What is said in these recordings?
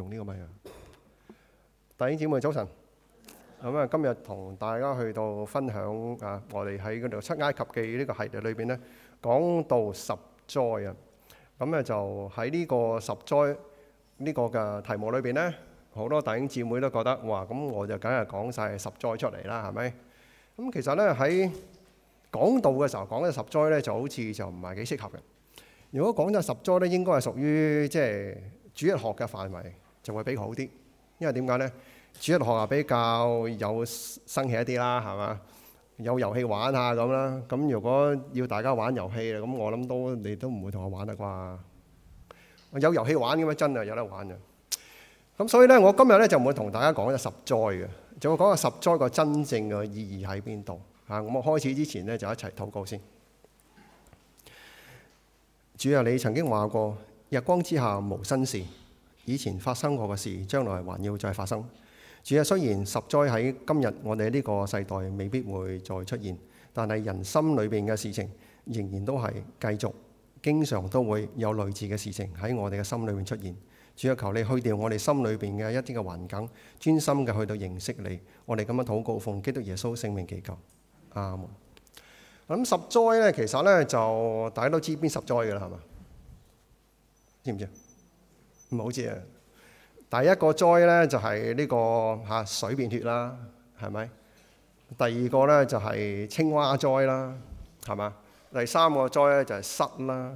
用呢個咪啊！弟兄姊妹早晨，咁啊，今日同大家去到分享啊，我哋喺度《出埃及記》呢個系列裏邊咧，講到十災啊。咁咧就喺呢個十災呢個嘅題目裏邊咧，好多弟兄姊妹都覺得哇！咁我就梗係講曬十災出嚟啦，係咪？咁其實咧喺講道嘅時候講嘅十災咧，就好似就唔係幾適合嘅。如果講嘅十災咧，應該係屬於即係主日學嘅範圍。就會比較好啲，因為點解呢？主日學校比較有生氣一啲啦，係嘛？有遊戲玩下咁啦。咁如果要大家玩遊戲啦，咁我諗都你都唔會同我玩啦啩？有遊戲玩嘅咩？真係有得玩嘅。咁所以呢，我今日呢就唔會同大家講嘅十災嘅，就會講下十災個真正嘅意義喺邊度嚇。咁我開始之前呢，就一齊禱告先。主啊，你曾經話過：日光之下無新事。以前發生過嘅事，將來還要再發生。主啊，雖然十災喺今日我哋呢個世代未必會再出現，但係人心裏邊嘅事情，仍然都係繼續，經常都會有類似嘅事情喺我哋嘅心裏面出現。主啊，求你去掉我哋心裏邊嘅一啲嘅環境，專心嘅去到認識你。我哋咁樣禱告奉基督耶穌聖名祈求，阿門。咁十災呢，其實呢就大家都知邊十災噶啦，係嘛？知唔知啊？唔好知啊！第一個災咧就係、是、呢、這個嚇、啊、水變血啦，係咪？第二個咧就係、是、青蛙災啦，係嘛？第三個災咧就係、是、虱啦，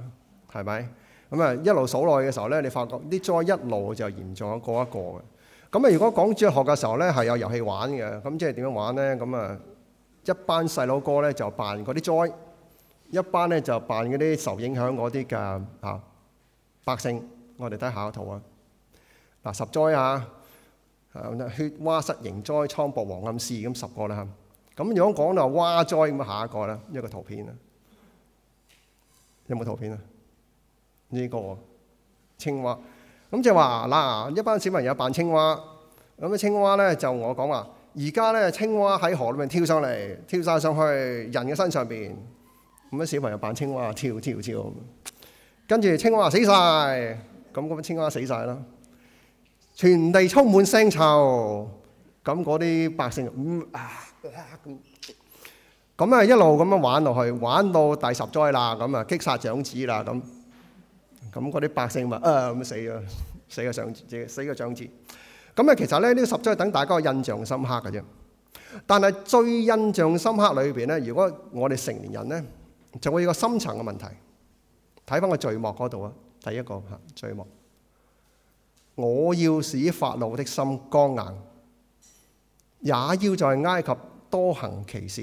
係咪？咁啊一路數落去嘅時候咧，你發覺啲災一路就嚴重過一個嘅。咁啊，如果講主日學嘅時候咧，係有遊戲玩嘅。咁即係點樣玩咧？咁啊一班細佬哥咧就扮嗰啲災，一班咧就扮嗰啲受影響嗰啲嘅嚇百姓。我哋睇下一個圖啊！嗱，十災啊，血蛙虱蠅災，瘡雹蝗暗死，咁十個啦吓。咁如果講到蛙災咁下一個啦，一個圖片啦。有冇圖片、這個、啊？呢個青蛙。咁就係話嗱，一班小朋友扮青蛙。咁啊，青蛙咧就我講話，而家咧青蛙喺河裏面跳上嚟，跳晒上去人嘅身上邊。咁啊，小朋友扮青蛙跳跳跳。跟住青蛙死晒。咁嗰班青蛙死曬啦，全地充滿腥臭。咁嗰啲百姓，咁咁啊一路咁樣玩落去，玩到第十災啦，咁啊擊殺長子啦，咁咁嗰啲百姓咪啊咁死咗，死個長子，死個長子。咁啊其實咧呢個十災等大家印象深刻嘅啫。但係最印象深刻裏邊咧，如果我哋成年人咧，就會有個深層嘅問題。睇翻個序幕嗰度啊！第一個罪惡，我要使法老的心剛硬，也要在埃及多行奇事。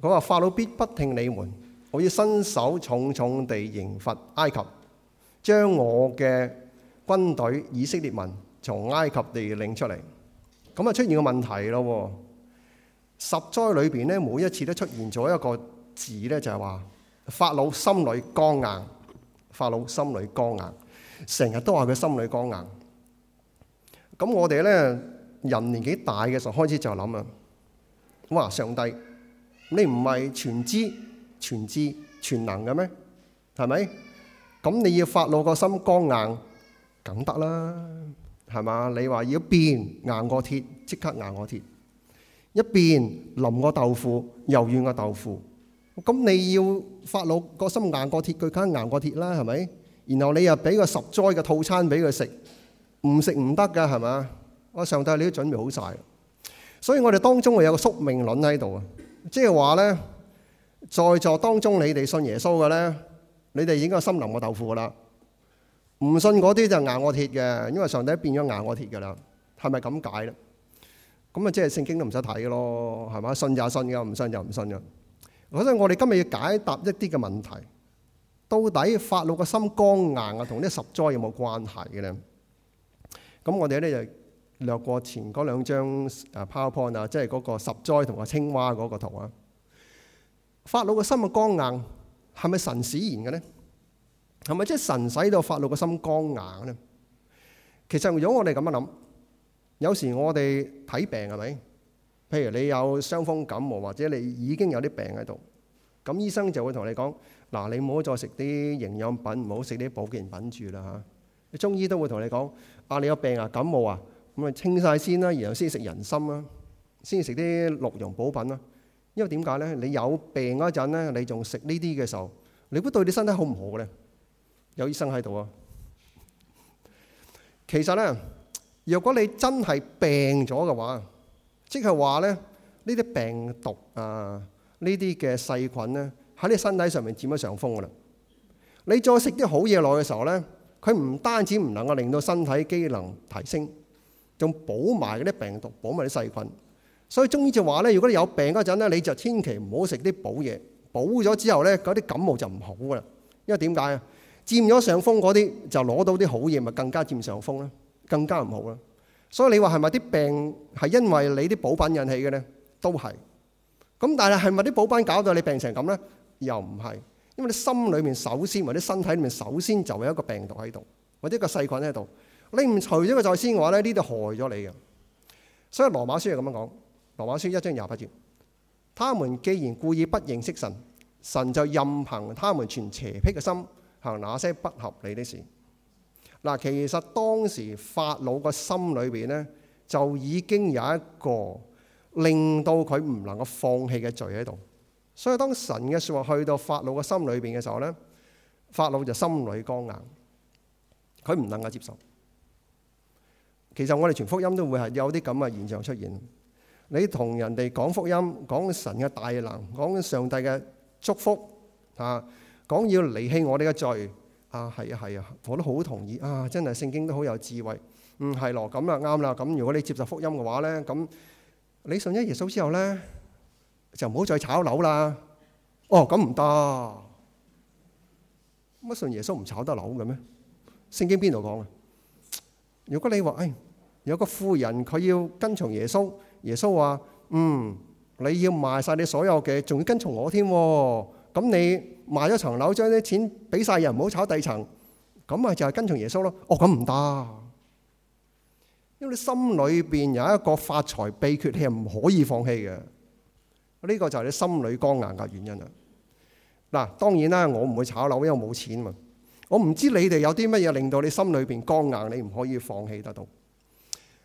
佢話：法老必不聽你們，我要伸手重重地刑罰埃及，將我嘅軍隊以色列民從埃及地領出嚟。咁啊，出現個問題咯。十災裏邊呢，每一次都出現咗一個字呢，就係話法老心裏剛硬。法老心裏剛硬，成日都話佢心裏剛硬。咁我哋咧人年紀大嘅時候開始就諗啊：哇！上帝，你唔係全知、全知、全能嘅咩？係咪？咁你要法老個心剛硬，梗得啦，係嘛？你話要變硬過鐵，即刻硬過鐵；一變腍過豆腐，又軟過豆腐。咁你要法老個心硬過鐵，佢梗硬過鐵啦，係咪？然後你又俾個十災嘅套餐俾佢食，唔食唔得噶，係咪啊？我上帝你都準備好晒，所以我哋當中係有個宿命論喺度啊，即係話呢，在座當中你哋信耶穌嘅呢，你哋應該心軟過豆腐噶啦，唔信嗰啲就硬過鐵嘅，因為上帝變咗硬過鐵噶啦，係咪咁解咧？咁啊，即係聖經都唔使睇咯，係咪？信也信噶，唔信就唔信噶。我想我哋今日要解答一啲嘅問題，到底法老個心剛硬啊，同呢十災有冇關係嘅咧？咁我哋咧就略過前嗰兩張啊 PowerPoint 啊，即係嗰個十災同個青蛙嗰個圖啊。法老個心嘅剛硬係咪神使然嘅咧？係咪即係神使到法老個心剛硬咧？其實如果我哋咁樣諗，有時我哋睇病係咪？是譬如你有傷風感冒，或者你已經有啲病喺度，咁醫生就會同你講：嗱，你唔好再食啲營養品，唔好食啲保健品住啦嚇。中醫都會同你講：啊，你有病啊，感冒啊，咁咪清晒先啦，然後先食人參啦，先食啲鹿茸補品啦。因為點解呢？你有病嗰陣咧，你仲食呢啲嘅時候，你估對你身體好唔好呢？有醫生喺度啊。其實呢，如果你真係病咗嘅話，即係話咧，呢啲病毒啊，呢啲嘅細菌呢，喺你身體上面佔咗上風噶啦。你再食啲好嘢落去嘅時候呢，佢唔單止唔能夠令到身體機能提升，仲補埋嗰啲病毒，補埋啲細菌。所以中醫就話呢，如果你有病嗰陣呢，你就千祈唔好食啲補嘢，補咗之後呢，嗰啲感冒就唔好噶啦。因為點解啊？佔咗上風嗰啲就攞到啲好嘢，咪更加佔上風囉，更加唔好啦。所以你話係咪啲病係因為你啲補品引起嘅呢？都係。咁但係係咪啲補品搞到你病成咁呢？又唔係。因為你心裏面首先，或者身體裏面首先就有一個病毒喺度，或者一個細菌喺度。你唔除咗佢，在先嘅話呢，呢度害咗你嘅。所以羅馬書係咁樣講，羅馬書一章廿八節：他們既然故意不認識神，神就任憑他們存邪僻嘅心，行那些不合理的事。嗱，其實當時法老個心裏邊呢，就已經有一個令到佢唔能夠放棄嘅罪喺度，所以當神嘅說話去到法老嘅心裏邊嘅時候呢，法老就心裏剛硬，佢唔能夠接受。其實我哋傳福音都會係有啲咁嘅現象出現，你同人哋講福音，講神嘅大能，講上帝嘅祝福，啊，講要離棄我哋嘅罪。啊，係啊，係啊，我都好同意。啊，真係聖經都好有智慧。嗯，係咯，咁啦，啱啦。咁如果你接受福音嘅話咧，咁你信咗耶穌之後咧，就唔好再炒樓啦。哦，咁唔得。乜信耶穌唔炒得樓嘅咩？聖經邊度講啊？如果你話，哎，有個富人佢要跟從耶穌，耶穌話，嗯，你要賣晒你所有嘅，仲要跟從我添。咁你賣咗層樓，將啲錢俾晒人，唔好炒第二層，咁咪就係跟從耶穌咯。哦，咁唔得，因為你心裏邊有一個發財秘訣，你係唔可以放棄嘅。呢個就係你心裏剛硬嘅原因啦。嗱，當然啦，我唔會炒樓，因為冇錢嘛。我唔知你哋有啲乜嘢令到你心裏邊剛硬，你唔可以放棄得到。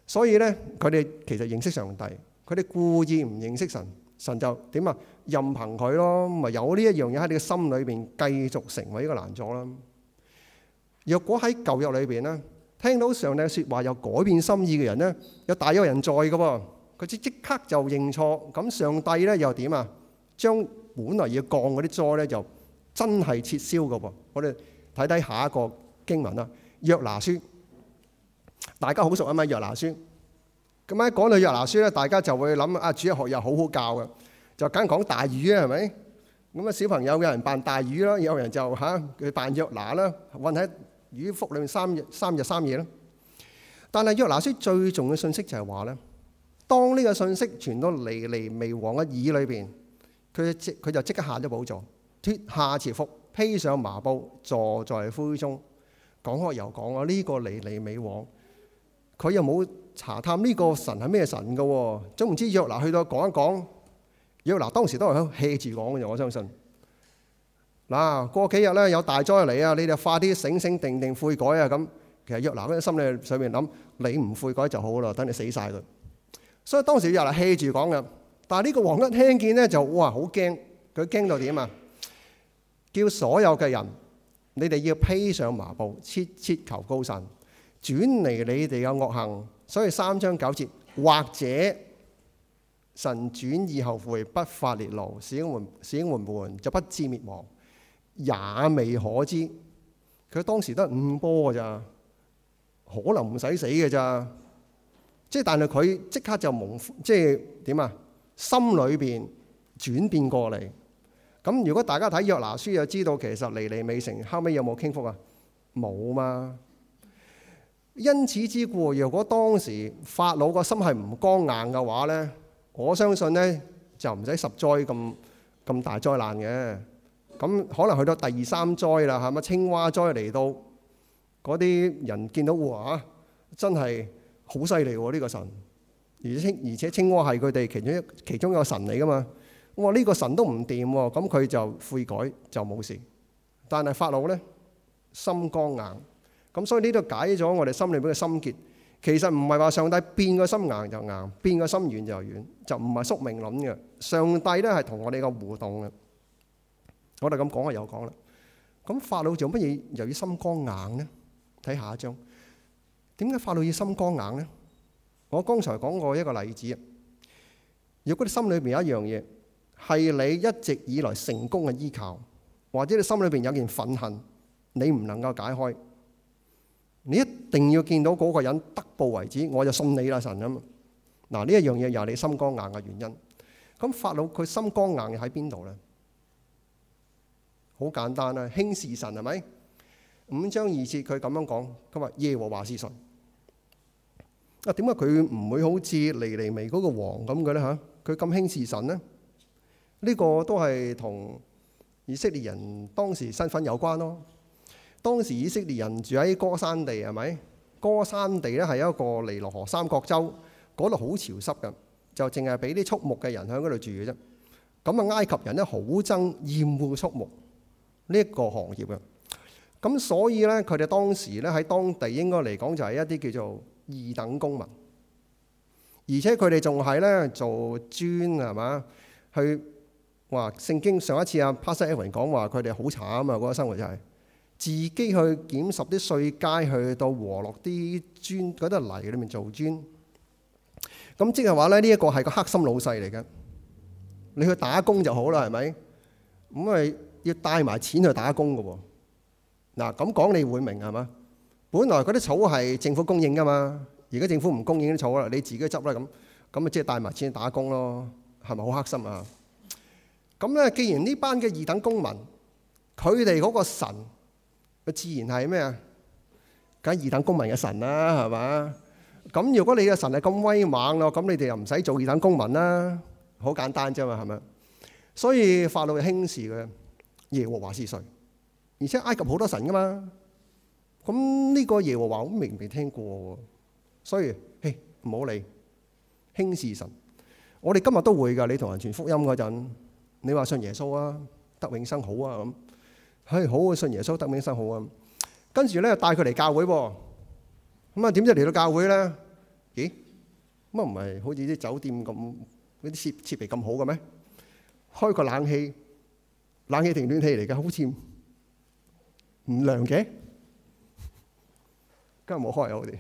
所以咧，佢哋其實認識上帝，佢哋故意唔認識神。神就點啊？任憑佢咯，咪有呢一樣嘢，喺你嘅心裏邊繼續成為一個難阻啦。若果喺舊約裏邊咧，聽到上帝嘅說話又改變心意嘅人咧，有大有人在㗎喎。佢即即刻就認錯，咁上帝咧又點啊？將本來要降嗰啲災咧，就真係撤銷㗎喎。我哋睇睇下一個經文啦，《約拿書》，大家好熟啊嘛，《約拿書》。咁喺講到《約拿書》咧，大家就會諗啊，主日學又好好教嘅，就梗係講大魚啦，係咪？咁啊，小朋友有人扮大魚啦，有人就嚇佢扮約拿啦，韞喺魚腹裏邊三日三日三夜啦。但係《約拿書》最重嘅信息就係話咧，當呢個信息傳到尼尼微王嘅耳裏邊，佢即佢就即刻下咗寶座，脫下朝服，披上麻布，坐在灰中。講開又講啊，呢個尼尼微王，佢又冇查探呢個神係咩神嘅、哦？總唔知約拿去到講一講，約拿當時都係喺度 hea 住講嘅。我相信嗱、啊，過幾日咧有大災嚟啊！你哋快啲醒醒定定悔改啊！咁其實約拿喺心裏上面諗：你唔悔改就好啦，等你死晒佢。所以當時約拿 hea 住講嘅，但係呢個王一聽見咧就哇，好驚，佢驚到點啊？叫所有嘅人，你哋要披上麻布，切切求告神轉嚟你哋嘅惡行。所以三章九節，或者神轉意後悔不發烈怒，使我們使我們就不致滅亡，也未可知。佢當時得五波㗎咋，可能唔使死㗎咋。即係但係佢即刻就蒙，即係點啊？心裏面轉變過嚟。咁如果大家睇約拿書就知道，其實尼尼微城，後尾有冇傾覆啊？冇嘛。因此之故，如果當時法老個心係唔剛硬嘅話呢，我相信呢就唔使十災咁咁大災難嘅。咁可能去到第二三災啦，係咪青蛙災嚟到，嗰啲人見到哇，真係好犀利喎！呢、這個神而青，而且青蛙係佢哋其中一其中一個神嚟噶嘛。我呢、這個神都唔掂喎，咁佢就悔改就冇事。但係法老呢，心剛硬。咁所以呢度解咗我哋心裏邊嘅心結，其實唔係話上帝變個心硬就硬，變個心軟就軟，就唔係宿命論嘅。上帝咧係同我哋個互動嘅。我哋咁講啊，又講啦。咁法老做乜嘢？由於心光硬呢，睇下一章。點解法老要心光硬呢？我剛才講過一個例子啊。如果你心裏邊有一樣嘢係你一直以來成功嘅依靠，或者你心裏邊有件憤恨，你唔能夠解開，你一定要見到嗰個人得報為止，我就信你啦，神啊嗱，呢一樣嘢又係你心剛硬嘅原因。咁法老佢心剛硬喺邊度咧？好簡單啦，輕視神係咪？五章二節佢咁樣講，佢話耶和華是神。啊，點解佢唔會好黎黎黎似尼尼微嗰個王咁嘅咧嚇？佢咁輕視神呢？呢、呢個都係同以色列人當時身份有關咯。當時以色列人住喺戈山地，係咪？戈山地咧係一個尼羅河三角洲，嗰度好潮濕嘅，就淨係俾啲畜牧嘅人喺嗰度住嘅啫。咁啊，埃及人咧好憎厭惡畜牧呢一、這個行業嘅。咁所以咧，佢哋當時咧喺當地應該嚟講就係一啲叫做二等公民，而且佢哋仲係咧做磚係嘛？去話聖經上一次阿 Pastor Evan 講話佢哋好慘啊，嗰、那個生活就係、是。自己去檢拾啲碎街，去到和落啲磚嗰啲泥裏面做磚。咁即係話咧，呢一個係個黑心老細嚟嘅。你去打工就好啦，係咪？咁咪要帶埋錢去打工㗎喎。嗱，咁講你會明係嘛？本來嗰啲草係政府供應噶嘛，而家政府唔供應啲草啦，你自己執啦咁，咁啊即係帶埋錢去打工咯，係咪好黑心啊？咁咧，既然呢班嘅二等公民，佢哋嗰個神。佢自然係咩啊？梗係二等公民嘅神啦，係嘛？咁如果你嘅神係咁威猛咯，咁你哋又唔使做二等公民啦，好簡單啫嘛，係咪？所以法老就輕視嘅耶和華是誰？而且埃及好多神噶嘛，咁呢個耶和華我都未未聽過，所以嘿，唔好理，輕視神。我哋今日都會噶，你同人傳福音嗰陣，你話信耶穌啊，得永生好啊咁。係，好啊！信耶穌得名生好啊！跟住咧，帶佢嚟教會喎。咁啊，點知嚟到教會咧？咦，乜唔係好似啲酒店咁嗰啲設設備咁好嘅咩？開個冷氣，冷氣定暖氣嚟嘅，好似唔涼嘅，今日冇開啊！我哋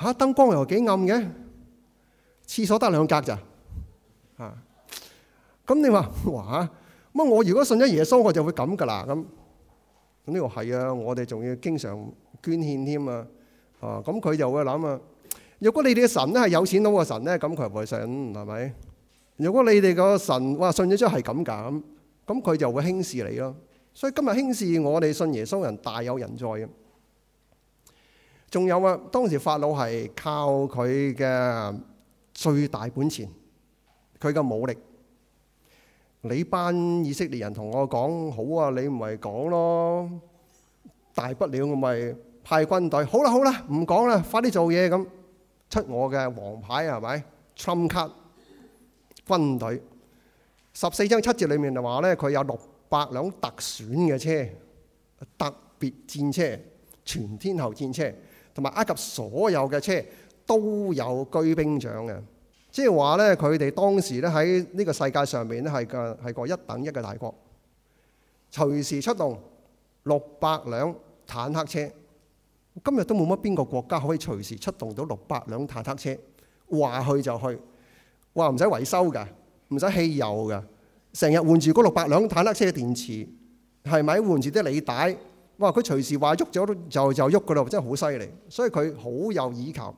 嚇燈光又幾暗嘅，廁所得兩格咋吓？咁你話哇嚇？咁我如果信咗耶穌，我就會咁㗎喇。咁咁呢個係啊，我哋仲要經常捐獻添啊。啊，咁佢就會諗啊。如果你哋嘅神咧係有錢佬嘅神咧，咁佢唔會信係咪？如果你哋個神哇信咗出係咁㗎，咁咁佢就會輕視你咯。所以今日輕視我哋信耶穌人大有人在嘅。仲有啊，當時法老係靠佢嘅最大本錢，佢嘅武力。你班以色列人同我講好啊！你唔係講咯，大不了我咪派軍隊。好啦、啊、好啦、啊，唔講啦，快啲做嘢咁。出我嘅王牌係咪？Trump 卡軍隊，十四章七節裏面就話咧，佢有六百輛特選嘅車，特別戰車、全天候戰車，同埋埃及所有嘅車都有軍兵長嘅。即係話咧，佢哋當時咧喺呢個世界上面咧係個係個一等一嘅大國，隨時出動六百輛坦克車。今日都冇乜邊個國家可以隨時出動到六百輛坦克車？話去就去，話唔使維修嘅，唔使汽油嘅，成日換住嗰六百輛坦克車嘅電池，係咪換住啲履帶？哇！佢隨時話喐咗就就喐噶啦，真係好犀利，所以佢好有倚靠。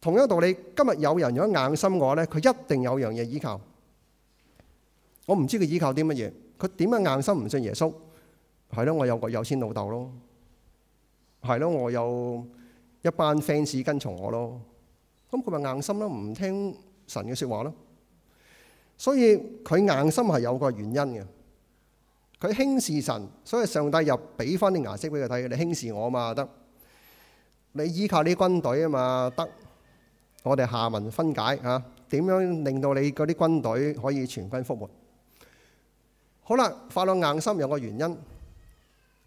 同樣道理，今日有人如果硬心我咧，佢一定有樣嘢依靠。我唔知佢依靠啲乜嘢，佢點樣硬心唔信耶穌？係咯，我有個有錢老豆咯，係咯，我有一班 fans 跟從我咯。咁佢咪硬心咯，唔聽神嘅説話咯。所以佢硬心係有個原因嘅，佢輕視神，所以上帝又俾翻啲顏色俾佢睇，你輕視我嘛，得，你依靠啲軍隊啊嘛得。我哋下文分解嚇，點樣令到你嗰啲軍隊可以全軍覆沒？好啦，法老硬心有個原因。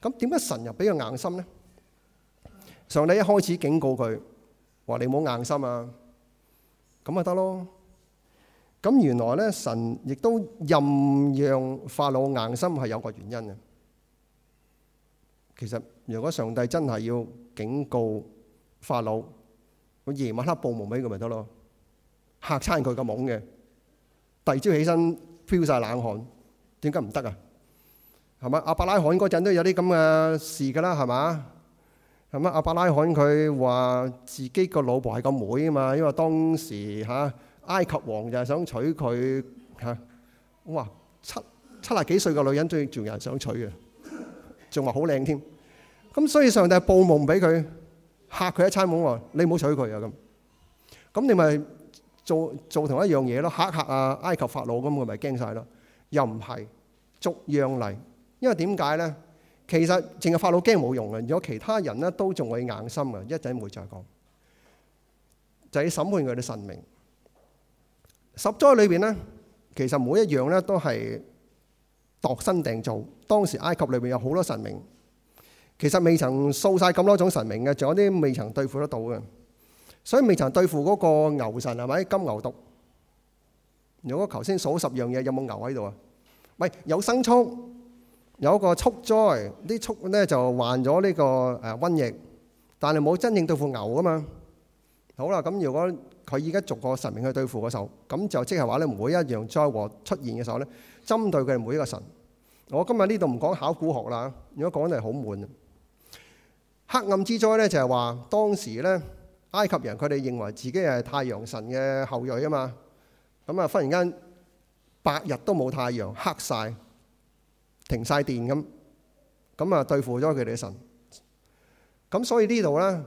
咁點解神又俾佢硬心呢？上帝一開始警告佢話：你冇硬心啊，咁咪得咯。咁原來咧，神亦都任讓法老硬心係有個原因嘅。其實，如果上帝真係要警告法老，我夜晚黑報夢俾佢咪得咯，嚇親佢個懵嘅，第二朝起身飄曬冷汗，點解唔得啊？係咪阿伯拉罕嗰陣都有啲咁嘅事㗎啦？係嘛？係咪阿伯拉罕佢話自己個老婆係個妹啊嘛？因為當時嚇埃及王就係想娶佢嚇，哇七七廿幾歲嘅女人仲仲有人想娶嘅，仲話好靚添。咁所以上帝報夢俾佢。吓佢一餐懵喎，你唔好睬佢啊，咁。咁你咪做做同一樣嘢咯，吓吓啊！埃及法老咁，佢咪驚晒咯。又唔係逐樣嚟，因為點解咧？其實淨係法老驚冇用嘅，如果其他人咧都仲會硬心嘅，一陣會再講。就係審判佢哋神明。十災裏邊咧，其實每一樣咧都係度身訂造。當時埃及裏邊有好多神明。其實未曾掃晒咁多種神明嘅，仲有啲未曾對付得到嘅，所以未曾對付嗰個牛神係咪？金牛毒。如果頭先數十樣嘢，有冇牛喺度啊？喂，有牲畜，有個畜災，啲畜咧就患咗呢個誒瘟疫，但係冇真正對付牛啊嘛。好啦，咁如果佢而家逐個神明去對付嘅時候，咁就即係話咧，每一樣災禍出現嘅時候咧，針對佢哋每一個神。我今日呢度唔講考古學啦，如果講都係好悶。黑暗之災咧就係、是、話當時咧埃及人佢哋認為自己係太陽神嘅後裔啊嘛，咁啊忽然間白日都冇太陽黑晒，停晒電咁，咁啊對付咗佢哋嘅神。咁所以呢度咧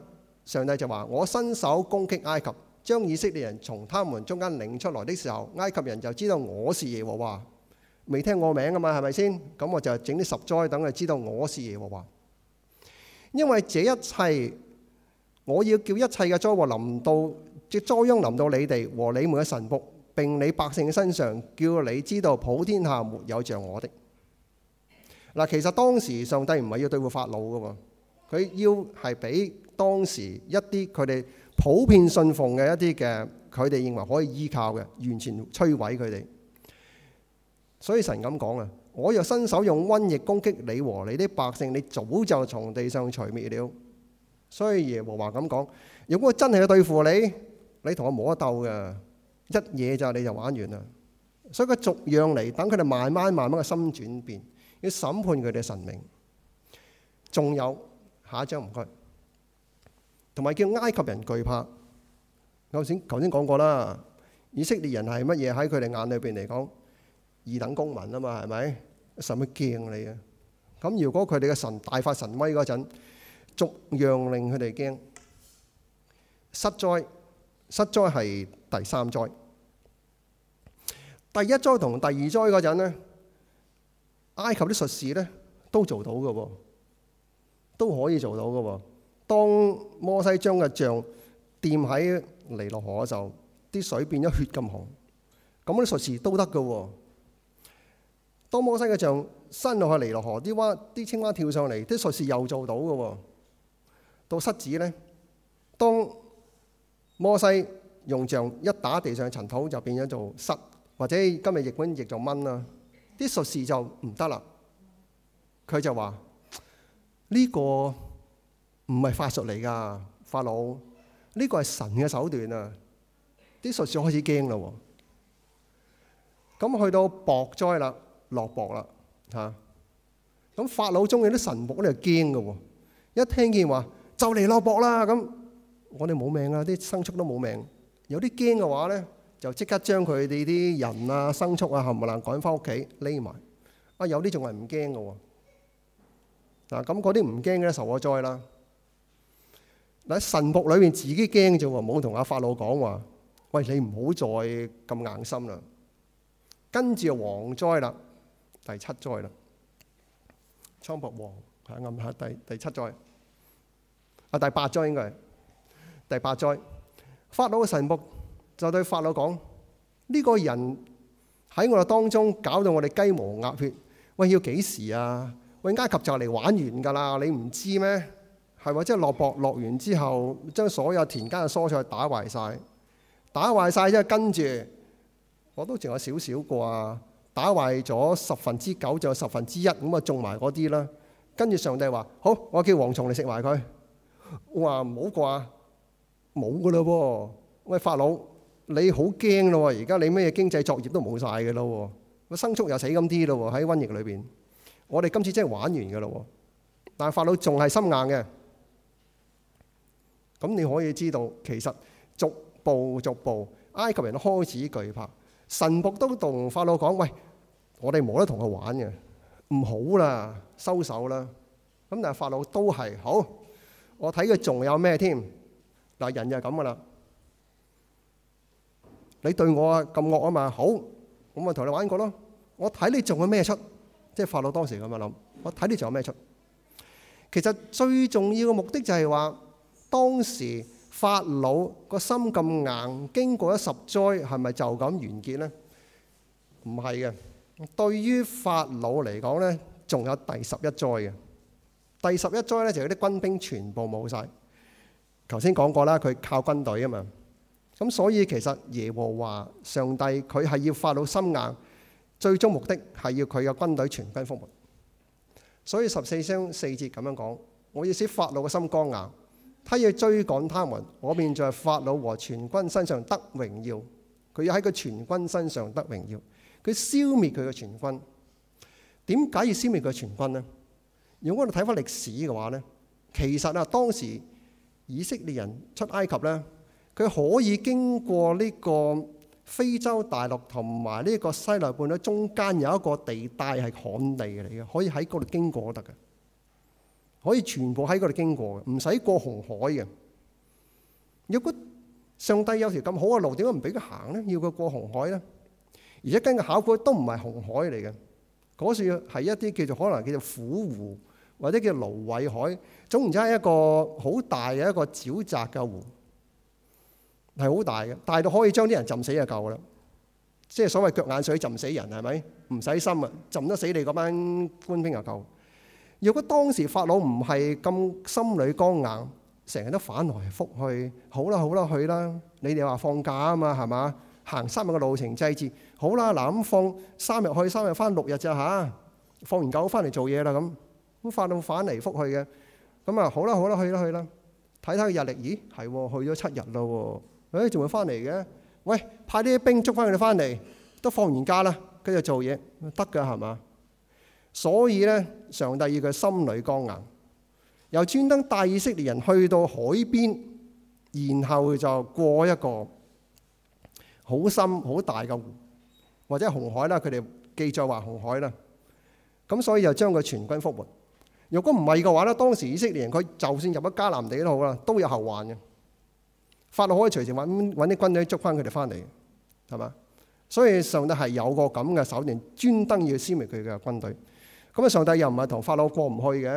上帝就話：我伸手攻擊埃及，將以色列人從他們中間領出來的時候，埃及人就知道我是耶和華，未聽我名噶嘛係咪先？咁我就整啲十災等佢知道我是耶和華。因為這一切，我要叫一切嘅災禍臨到，即災殃臨到你哋和你們嘅臣僕，並你百姓嘅身上，叫你知道普天下沒有像我的。嗱，其實當時上帝唔係要對付法老噶，佢要係俾當時一啲佢哋普遍信奉嘅一啲嘅，佢哋認為可以依靠嘅，完全摧毀佢哋。所以神咁講啊。我又伸手用瘟疫攻擊你和你啲百姓，你早就從地上除滅了。所以耶和華咁講：如果我真係要對付你，你同我冇得鬥嘅，一嘢就你就玩完啦。所以佢逐樣嚟，等佢哋慢慢慢慢嘅心轉變，要審判佢哋嘅神明。仲有下一張唔該，同埋叫埃及人懼怕。頭先頭先講過啦，以色列人係乜嘢喺佢哋眼裏邊嚟講？二等公民啊嘛，係咪神會驚你啊？咁如果佢哋嘅神大發神威嗰陣，逐樣令佢哋驚失災，失災係第三災。第一災同第二災嗰陣咧，埃及啲術士咧都做到嘅、哦，都可以做到嘅、哦。當摩西將嘅杖掂喺尼羅河嗰時候，啲水變咗血咁紅，咁啲術士都得嘅、哦。當摩西嘅杖伸落去尼羅河，啲蛙啲青蛙跳上嚟，啲術士又做到嘅。到蝨子咧，當摩西用杖一打地上嘅塵土，就變咗做蝨，或者今日譯瘟亦做蚊啦。啲術士就唔得啦，佢就話呢、這個唔係法術嚟㗎，法老呢、這個係神嘅手段啊！啲術士開始驚啦。咁去到雹災啦。落雹啦嚇！咁法老中嘅啲神僕咧就驚嘅喎，一聽見話就嚟落雹啦，咁我哋冇命啦，啲牲畜都冇命。有啲驚嘅話咧，就即刻將佢哋啲人啊、牲畜啊，冚唪唥趕翻屋企匿埋。啊，有啲仲係唔驚嘅喎。嗱，咁嗰啲唔驚嘅受餓災啦。喺神僕裏面自己驚啫喎，冇同阿法老講話。喂，你唔好再咁硬心啦。跟住就蝗災啦。第七災啦，蒼蠅王嚇暗下第第七災啊，第八災應該係第八災。法老嘅臣僕，就對法老講：呢、這個人喺我哋當中搞到我哋雞毛鴨血，喂要幾時啊？喂埃及就嚟玩完㗎啦，你唔知咩？係咪即係落雹落完之後，將所有田間嘅蔬菜打壞晒。打壞晒，之後跟住我都仲有少少啩、啊。打壞咗十分之九，就十分之一，咁啊種埋嗰啲啦。跟住上帝話：好，我叫蝗蟲嚟食埋佢。我話唔好啩，冇噶啦喎。喂，法老，你好驚咯，而家你咩經濟作業都冇晒噶咯。個牲畜又死咁啲咯喺瘟疫裏邊。我哋今次真係玩完噶咯。但係法老仲係心硬嘅。咁你可以知道，其實逐步逐步，埃及人開始懼怕，神僕都同法老講：喂！我哋冇得同佢玩嘅，唔好啦，收手啦。咁但係法老都係好，我睇佢仲有咩添？嗱，人就係咁噶啦，你對我咁惡啊嘛，好，咁咪同你玩過咯。我睇你仲有咩出？即係法老當時咁樣諗，我睇你仲有咩出？其實最重要嘅目的就係話，當時法老個心咁硬，經過咗十災，係咪就咁完結咧？唔係嘅。對於法老嚟講呢，仲有第十一災嘅。第十一災呢，就係、是、啲軍兵全部冇晒。頭先講過啦，佢靠軍隊啊嘛。咁所以其實耶和華上帝佢係要法老心硬，最終目的係要佢嘅軍隊全軍覆沒。所以十四章四節咁樣講，我要使法老嘅心剛硬，他要追趕他們，我便在法老和全軍身上得榮耀。佢要喺佢全軍身上得榮耀。佢消滅佢嘅全軍，點解要消滅佢嘅全軍咧？如果我哋睇翻歷史嘅話咧，其實啊當時以色列人出埃及咧，佢可以經過呢個非洲大陸同埋呢個西奈半島中間有一個地帶係旱地嚟嘅，可以喺嗰度經過得嘅，可以全部喺嗰度經過嘅，唔使過紅海嘅。如果上帝有條咁好嘅路，點解唔俾佢行咧？要佢過紅海咧？而且根據考古都唔係紅海嚟嘅，嗰處係一啲叫做可能叫做苦湖，或者叫蘆葦海，總言之係一個好大嘅一個沼澤嘅湖，係好大嘅，大到可以將啲人浸死就夠啦。即係所謂腳眼水浸死人係咪？唔使心啊，浸得死你嗰班官兵就夠。如果當時法老唔係咁心裏剛硬，成日都反來覆去，好啦好啦去啦，你哋話放假啊嘛係嘛？行三日嘅路程，祭祀好啦。嗱咁放三日去，三日翻六日咋吓，放完假翻嚟做嘢啦咁。咁發到反嚟覆去嘅。咁啊好啦好啦去啦去啦。睇睇個日曆。咦係喎、啊、去咗七日啦喎。誒仲未翻嚟嘅？喂，派啲兵捉翻佢哋翻嚟，都放完假啦，跟住做嘢得噶係嘛？所以咧上帝以佢心裏剛硬，又專登帶以色列人去到海邊，然後就過一個。好深好大嘅湖，或者紅海啦，佢哋記載話紅海啦，咁所以就將佢全軍覆沒。如果唔係嘅話咧，當時以色列人佢就算入咗迦南地都好啦，都有後患嘅。法老可以隨時揾揾啲軍隊捉翻佢哋翻嚟，係嘛？所以上帝係有個咁嘅手段，專登要消滅佢嘅軍隊。咁啊，上帝又唔係同法老過唔去嘅，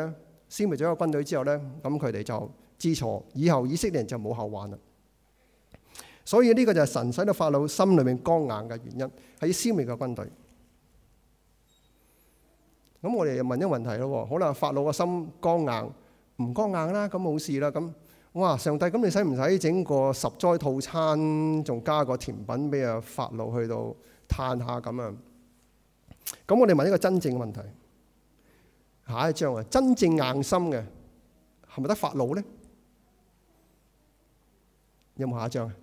消滅咗個軍隊之後咧，咁佢哋就知錯，以後以色列人就冇後患啦。所以呢個就係神使到法老心裏面剛硬嘅原因，係要消滅個軍隊。咁我哋又問一個問題咯，好啦，法老個心剛硬，唔剛硬啦，咁冇事啦。咁，哇，上帝，咁你使唔使整個十災套餐，仲加個甜品俾阿法老去到嘆下咁啊？咁我哋問一個真正嘅問題。下一章啊，真正硬心嘅係咪得法老咧？有冇下一章啊？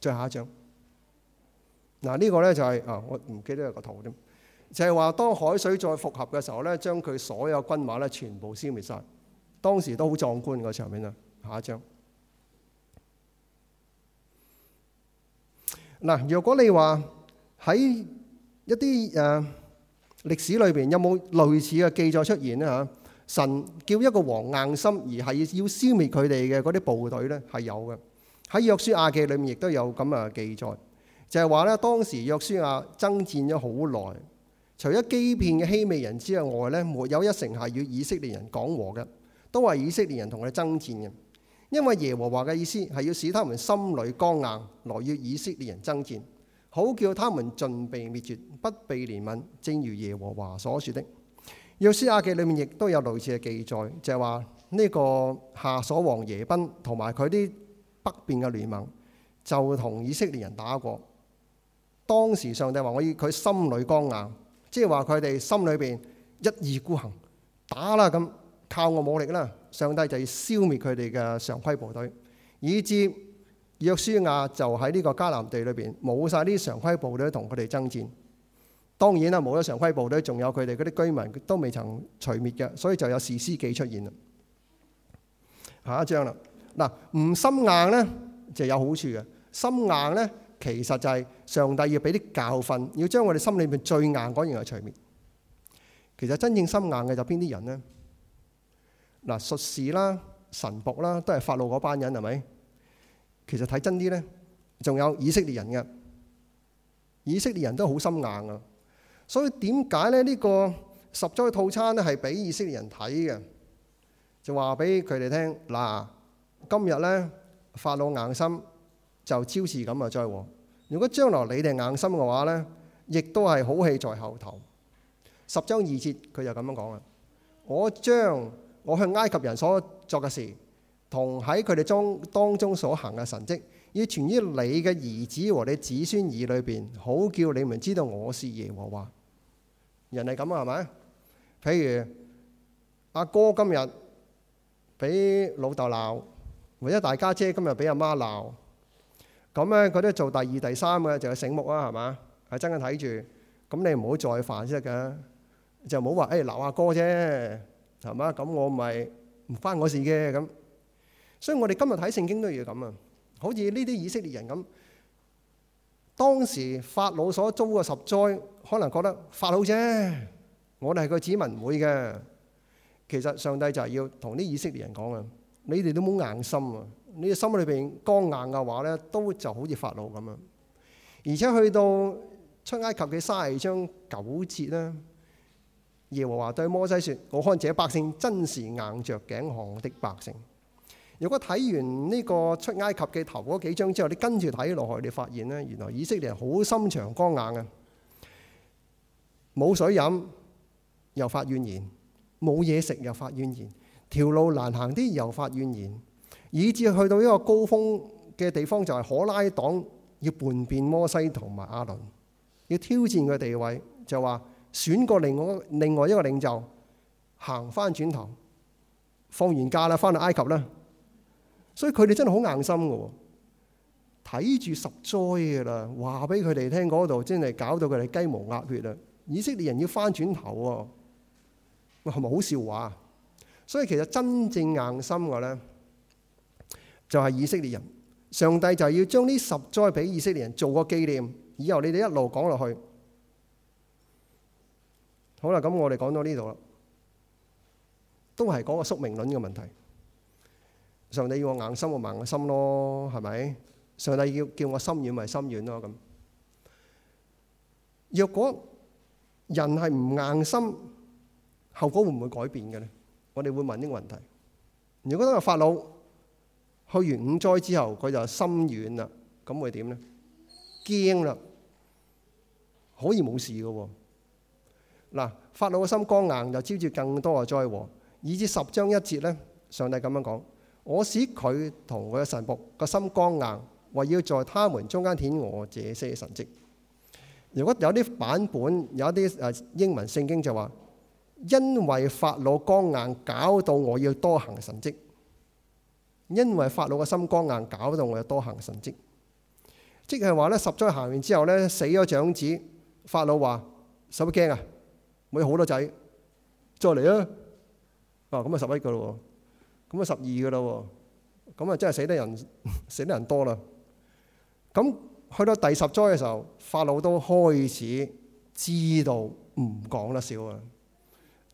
再下一張嗱，呢、這個咧就係、是、啊，我唔記得有個圖啫，就係、是、話當海水再復合嘅時候咧，將佢所有軍馬咧全部消滅晒。當時都好壯觀個場面啊！下一張嗱，如果你話喺一啲誒歷史裏邊有冇類似嘅記載出現咧嚇？神叫一個王硬心而係要消滅佢哋嘅嗰啲部隊咧，係有嘅。喺約書亞記裏面亦都有咁嘅記載，就係話咧，當時約書亞爭戰咗好耐，除咗基遍嘅希未人之外，呢沒有一城係與以色列人講和嘅，都係以色列人同佢爭戰嘅，因為耶和華嘅意思係要使他們心裏剛硬，來與以色列人爭戰，好叫他們盡被滅絕，不被憐憫，正如耶和華所說的。約書亞記裏面亦都有類似嘅記載，就係話呢個夏瑣王耶賓同埋佢啲。北邊嘅聯盟就同以色列人打過，當時上帝話：我以佢心裏剛硬，即係話佢哋心裏邊一意孤行，打啦咁，靠我武力啦。上帝就要消滅佢哋嘅常規部隊，以至約書亞就喺呢個迦南地裏邊冇晒呢啲常規部隊同佢哋爭戰。當然啦，冇咗常規部隊，仲有佢哋嗰啲居民都未曾除滅嘅，所以就有士師記出現啦。下一章啦。嗱，唔心硬咧，就是、有好處嘅。心硬咧，其實就係上帝要俾啲教訓，要將我哋心裏面最硬嗰樣嘢除滅。其實真正心硬嘅就邊啲人咧？嗱、呃，術士啦、神僕啦，都係法老嗰班人係咪？其實睇真啲咧，仲有以色列人嘅以色列人都好心硬啊。所以點解咧？呢、這個十災嘅套餐咧係俾以色列人睇嘅，就話俾佢哋聽嗱。啊。今日咧，法老硬心就超似咁嘅災禍，如果將來你哋硬心嘅話咧，亦都係好戲在後頭。十章二節佢就咁樣講啦：我將我向埃及人所作嘅事，同喺佢哋中當中所行嘅神跡，要傳於你嘅兒子和你子孫耳裏邊，好叫你們知道我是耶和華。人係咁啊，係咪？譬如阿哥今日俾老豆鬧。為咗大家姐今日俾阿媽鬧，咁咧佢都做第二第三嘅，就係醒目啦，係嘛？係真係睇住，咁你唔好再煩先得嘅，就唔好話誒鬧阿哥啫，係嘛？咁我唔係唔關我事嘅咁，所以我哋今日睇聖經都要咁啊！好似呢啲以色列人咁，當時法老所遭嘅十災，可能覺得法老啫，我哋係個子民會嘅，其實上帝就係要同啲以色列人講啊。你哋都冇硬心啊！你嘅心裏邊剛硬嘅話咧，都就好似法老咁啊！而且去到出埃及嘅卅二章九節咧，耶和華對摩西説：我看這百姓真是硬着頸項的百姓。如果睇完呢個出埃及嘅頭嗰幾章之後，你跟住睇落去，你發現呢，原來以色列人好心腸剛硬啊！冇水飲又發怨言，冇嘢食又發怨言。條路難行啲，又發怨言，以至去到一個高峰嘅地方，就係可拉黨要叛變摩西同埋阿倫，要挑戰佢地位，就話選過另外另外一個領袖，行翻轉頭，放完假啦，翻去埃及啦。所以佢哋真係好硬心嘅，睇住十災嘅啦，話俾佢哋聽嗰度真係搞到佢哋雞毛鴨血啦。以色列人要翻轉頭喎，喂係咪好笑話？所以其實真正硬心嘅咧，就係以色列人。上帝就係要將呢十災俾以色列人做個紀念，以後你哋一路講落去。好啦，咁我哋講到呢度啦，都係講個宿命論嘅問題。上帝要我硬心咪硬個心咯，係咪？上帝要叫我心軟咪心軟咯。咁若果人係唔硬心，後果會唔會改變嘅咧？我哋會問呢個問題：如果當日法老去完五災之後，佢就心軟啦，咁會點咧？驚啦，可以冇事㗎喎。嗱，法老嘅心剛硬就招住更多嘅災禍。以至十章一節咧，上帝咁樣講：我使佢同佢嘅神僕個心剛硬，為要在他們中間顯我這些神蹟。如果有啲版本，有一啲誒英文聖經就話。因為法老光硬搞到我要多行神蹟，因為法老嘅心光硬搞到我要多行神蹟，即係話咧，十災行完之後咧，死咗長子，法老話：使乜驚啊！我好多仔，再嚟啦！啊咁啊十一個咯，咁啊十二個啦，咁啊真係死得人死得人多啦。咁去到第十災嘅時候，法老都開始知道唔講得笑啊。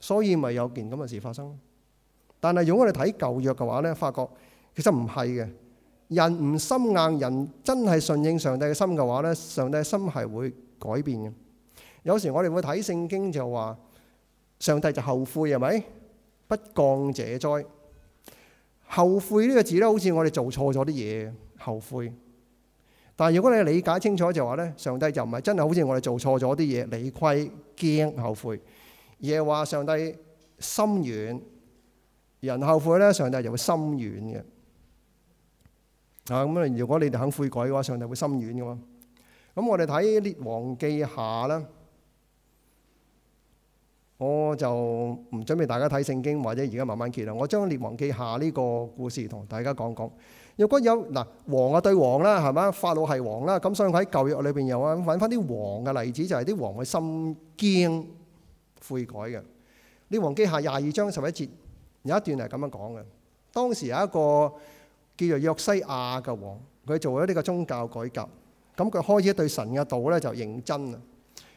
所以咪有件咁嘅事發生。但係如果我哋睇舊約嘅話呢，發覺其實唔係嘅。人唔心硬，人真係順應上帝嘅心嘅話呢，上帝嘅心係會改變嘅。有時我哋會睇聖經就話，上帝就後悔，係咪？不降者災。後悔呢個字呢，好似我哋做錯咗啲嘢後悔。但係如果你理解清楚，就話呢，上帝就唔係真係好似我哋做錯咗啲嘢，理虧、驚、後悔。耶話上帝心軟，人後悔咧，上帝就會心軟嘅啊。咁啊，如果你哋肯悔改嘅話，上帝會心軟嘅。咁我哋睇列王記下啦，我就唔準備大家睇聖經，或者而家慢慢揭啦。我將列王記下呢個故事同大家講講。如果有嗱王啊對王啦，係咪法老係王啦，咁所以佢喺舊約裏邊有啊，揾翻啲王嘅例子，就係啲王嘅心驚悔改嘅呢？王紀下廿二章十一節，有一段係咁樣講嘅。當時有一個叫做約西亞嘅王，佢做咗呢個宗教改革，咁佢開始對神嘅道咧就認真啦。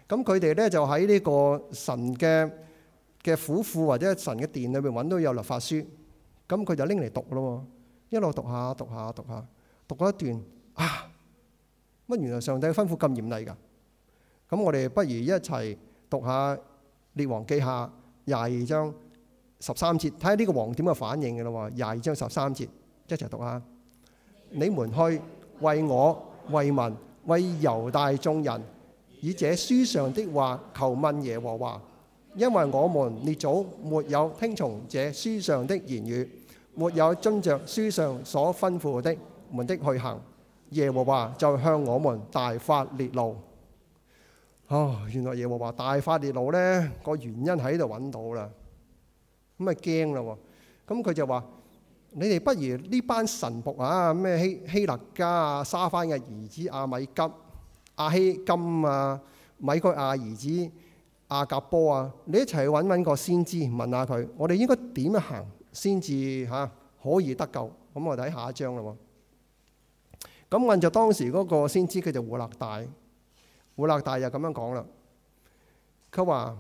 咁佢哋咧就喺呢個神嘅嘅府庫或者神嘅殿裏邊揾到有律法書，咁佢就拎嚟讀咯，一路讀一下讀下讀下讀嗰一段啊，乜，原來上帝吩咐咁嚴厲㗎！咁我哋不如一齊讀一下。列王記下廿二章十三節，睇下呢個王點嘅反應嘅咯。廿二章十三節，一齊讀下。 你們去為我、為民、為猶大眾人，以這書上的話求問耶和華，因為我們列祖沒有聽從這書上的言語，沒有遵着書上所吩咐的們的去行，耶和華就向我們大發烈怒。哦，原來耶和華大發烈怒咧，個原因喺度揾到啦。咁啊驚啦喎，咁佢就話：你哋不如呢班神僕啊，咩希希勒家啊、沙番嘅兒子亞米吉、亞、啊、希金啊、米該亞兒子亞、啊、甲波啊，你一齊去揾揾個先知問下佢，我哋應該點行先至嚇可以得救？咁我哋睇下一章啦喎。咁按就當時嗰個先知佢就戶勒大。胡勒大就咁樣講啦，佢話：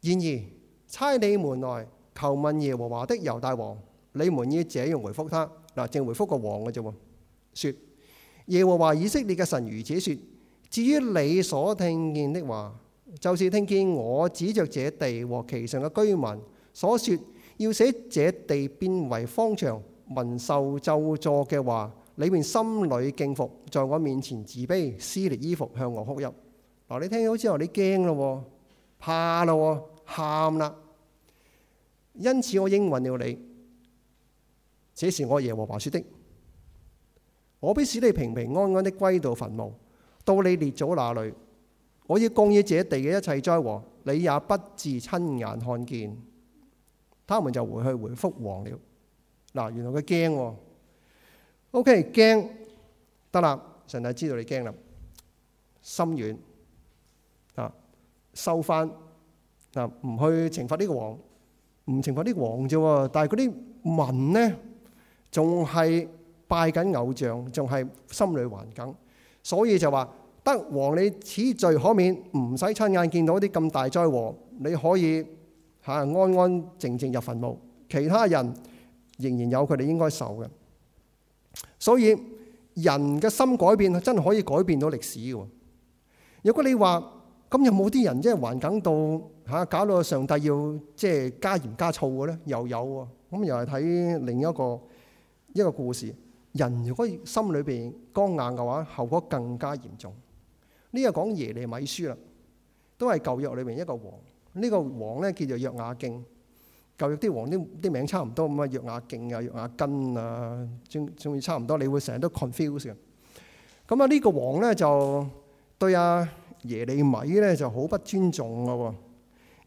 然而差你們來求問耶和華的猶大王，你們要這樣回覆他。嗱，正回覆個王嘅啫。說耶和華以色列嘅神如此說：至於你所聽見的話，就是聽見我指着這地和其上嘅居民所說，要寫這地變為荒場、民受咒詛」嘅話。你便心裏敬服，在我面前自卑，撕裂衣服向我哭泣。嗱，你聽到之後，你驚咯，怕咯，喊啦。因此我應允了你，這是我耶和華說的。我必使你平平安安的歸到墳墓，到你列祖那裏。我要降於這地嘅一切災禍，你也不至親眼看見。他們就回去回覆王了。嗱，原來佢驚。O.K. 驚得啦！神係知道你驚啦，心軟啊，收翻嗱，唔去懲罰呢個王，唔懲罰呢個王啫喎。但係嗰啲民呢，仲係拜緊偶像，仲係心裏還緊。所以就話：得王你此罪可免，唔使親眼見到啲咁大災禍，你可以嚇安安靜靜入墳墓。其他人仍然有佢哋應該受嘅。所以人嘅心改變真係可以改變到歷史嘅。如果你話咁有冇啲人即係環境到嚇，啊、搞到上帝要即係加鹽加醋嘅咧，又有喎，啊。咁又係睇另一個一個故事。人如果心裏邊剛硬嘅話，後果更加嚴重。呢、這個講耶利米書啦，都係舊約裏面一個王。呢、這個王咧叫做約雅敬。舊約啲王啲啲名差唔多咁啊，約亞敬啊、約亞根啊，仲仲要差唔多，你會成日都 confuse 嘅。咁啊，呢個王咧就對阿耶利米咧就好不尊重咯。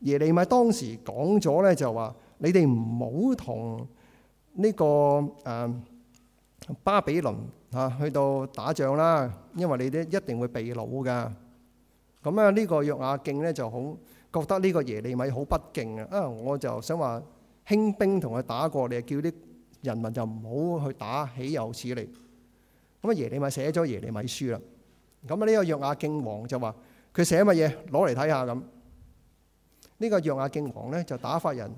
耶利米當時講咗咧就話：你哋唔好同呢個誒、啊、巴比倫嚇、啊、去到打仗啦，因為你哋一定會被擄噶。咁啊，呢個約亞敬咧就好。覺得呢個耶利米好不敬啊！啊，我就想話輕兵同佢打過你，叫啲人民就唔好去打豈有此理。咁啊，耶利米寫咗耶利米書啦。咁啊，呢個約雅敬王就話佢寫乜嘢攞嚟睇下咁。呢個約雅敬王咧就打發人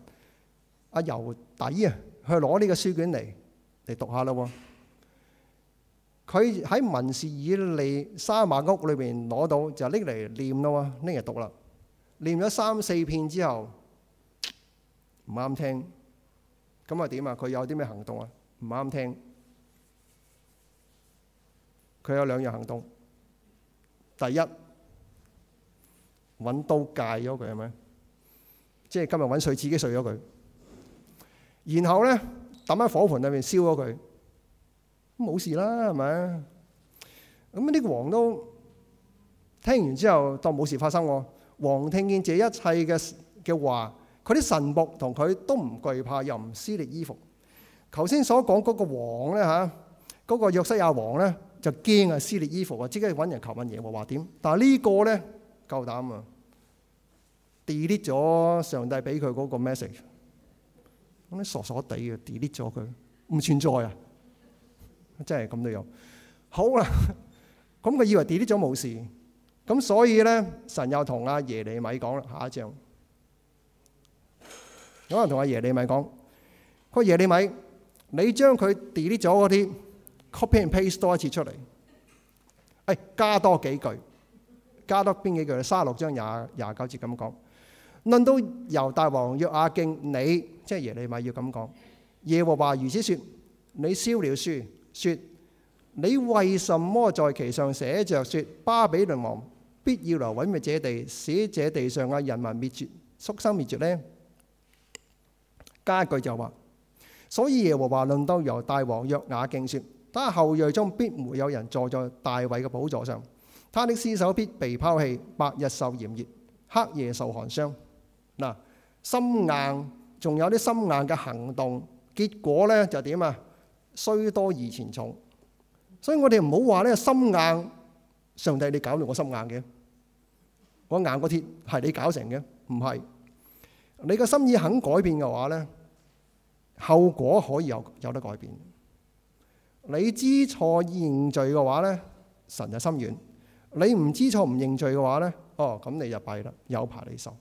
阿猶底啊去攞呢個書卷嚟嚟讀下啦。佢喺文士以利沙馬個屋裏邊攞到就拎嚟念啦，拎嚟讀啦。念咗三四遍之後，唔啱聽，咁啊點啊？佢有啲咩行動啊？唔啱聽，佢有兩樣行動。第一，揾刀戒咗佢係咪？即係今日揾碎自己碎咗佢。然後咧，抌喺火盆裏面燒咗佢，咁冇事啦係咪？咁呢個王都聽完之後，當冇事發生。王聽見這一切嘅嘅話，佢啲神僕同佢都唔懼怕，又唔撕裂衣服。頭先所講嗰個王咧吓，嗰、嗰個約西亞王咧就驚啊，撕裂衣服啊，即刻去搵人求問耶和華點。但係呢個咧夠膽啊，delete 咗上帝俾佢嗰個 message，咁你傻傻地嘅 delete 咗佢，唔存在啊， 真係咁都有。好啦，咁 佢以為 delete 咗冇事。咁所以咧，神又同阿、啊、耶利米講啦，下一章。可能同阿耶利米講，個耶利米，你將佢 delete 咗嗰啲 copy and paste 多一次出嚟，誒、哎、加多幾句，加多邊幾句？卅六章廿廿九節咁講。論到猶大王約阿敬，你即係、就是、耶利米要咁講。耶和華如此説：你燒了書，説你為什麼在其上寫着説巴比倫王？必要來毀滅這地，使這地上嘅人民滅絕、畜生滅絕咧。加一句就話，所以耶和華論到猶大王約雅敬說：他後裔中必沒有人坐在大衛嘅寶座上，他的屍首必被拋棄，白日受炎熱，黑夜受寒霜。嗱，心硬仲有啲心硬嘅行動，結果咧就點啊？衰多而錢重。所以我哋唔好話咧，心硬，上帝你搞亂我心硬嘅。我硬過鐵係你搞成嘅，唔係。你個心意肯改變嘅話咧，後果可以有有得改變。你知錯認罪嘅話咧，神就心軟；你唔知錯唔認罪嘅話咧，哦咁你就弊啦，有排你受。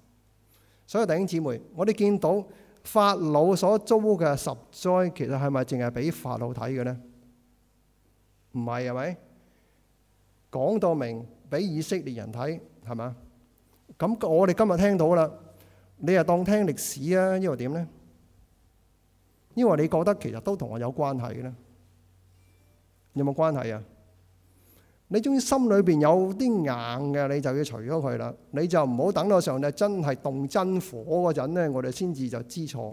所以弟兄姊妹，我哋見到法老所遭嘅十災，其實係咪淨係俾法老睇嘅咧？唔係係咪？講到明俾以色列人睇係咪？咁我哋今日聽到啦，你又當聽歷史啊，因為點咧？因為你覺得其實都同我有關係嘅咧，有冇關係啊？你終於心裏邊有啲硬嘅，你就要除咗佢啦。你就唔好等到上帝你真係動真火嗰陣咧，我哋先至就知錯。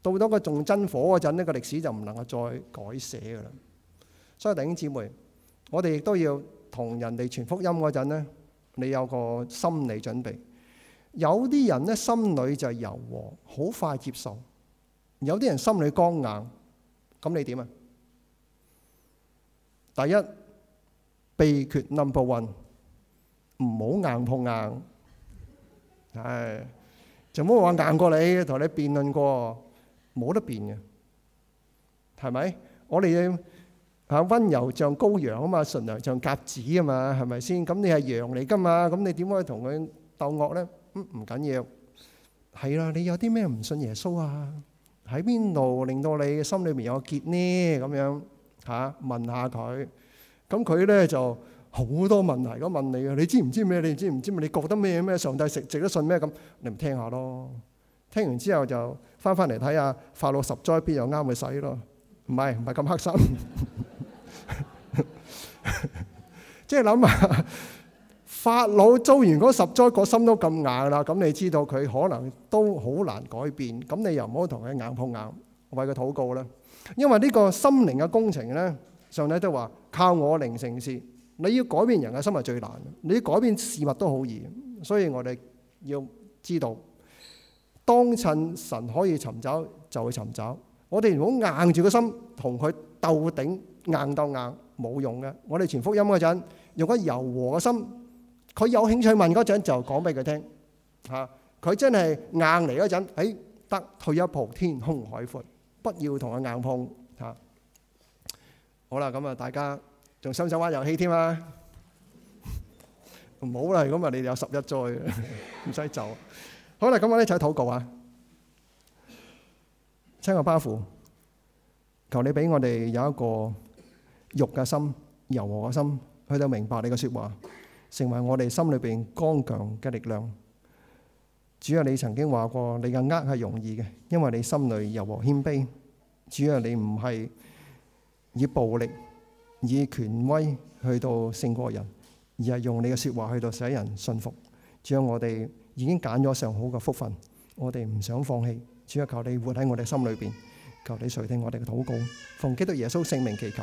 到咗個動真火嗰陣咧，個歷史就唔能夠再改寫噶啦。所以弟兄姊妹，我哋亦都要同人哋傳福音嗰陣咧。你有個心理準備，有啲人咧，心裏就係柔和，好快接受；有啲人心裏剛硬，咁你點啊？第一秘訣 number one，唔好硬碰硬，唉，就唔好話硬過你，同你辯論過冇得辯嘅，係咪？我哋要。啊，溫柔像羔羊啊嘛，純良像鴿子啊嘛，係咪先？咁你係羊嚟噶嘛？咁你點可以同佢鬥惡咧？唔唔緊要，係啦。你有啲咩唔信耶穌啊？喺邊度令到你心裏面有結呢？咁樣吓問下佢。咁佢咧就好多問題，咁問你啊。你知唔知咩？你知唔知咩？你覺得咩咩？上帝食值得信咩？咁你咪聽下咯。聽完之後就翻翻嚟睇下《法老十災》，邊有啱佢使咯？唔係唔係咁黑心。即係諗下，法老遭完嗰十災，個心都咁硬啦。咁你知道佢可能都好難改變。咁你又唔好同佢硬碰硬，我為佢禱告啦。因為呢個心靈嘅工程呢，上帝都話靠我靈成事。你要改變人嘅心係最難，你改變事物都好易。所以我哋要知道，當趁神可以尋找就去尋找。我哋唔好硬住個心同佢鬥頂，硬鬥硬。冇用嘅。我哋傳福音嗰陣，用咗柔和嘅心。佢有興趣問嗰陣，就講俾佢聽。嚇，佢真係硬嚟嗰陣，哎，得退一步，天空海闊，不要同佢硬碰。嚇，好啦，咁啊，大家仲想唔想玩遊戲添啊？唔好啦，如果咪你哋有十一災，唔使走。好啦，咁我哋一齊禱告啊。親愛阿爸父，求你俾我哋有一個。肉嘅心、柔和嘅心，去到明白你嘅說話，成為我哋心裏邊剛強嘅力量。主要你曾經話過，你嘅軛係容易嘅，因為你心裏柔和謙卑。主要你唔係以暴力、以權威去到勝過人，而係用你嘅說話去到使人信服。主要我哋已經揀咗上好嘅福分，我哋唔想放棄。主要求你活喺我哋心裏邊，求你垂聽我哋嘅禱告。奉基督耶穌聖名祈求。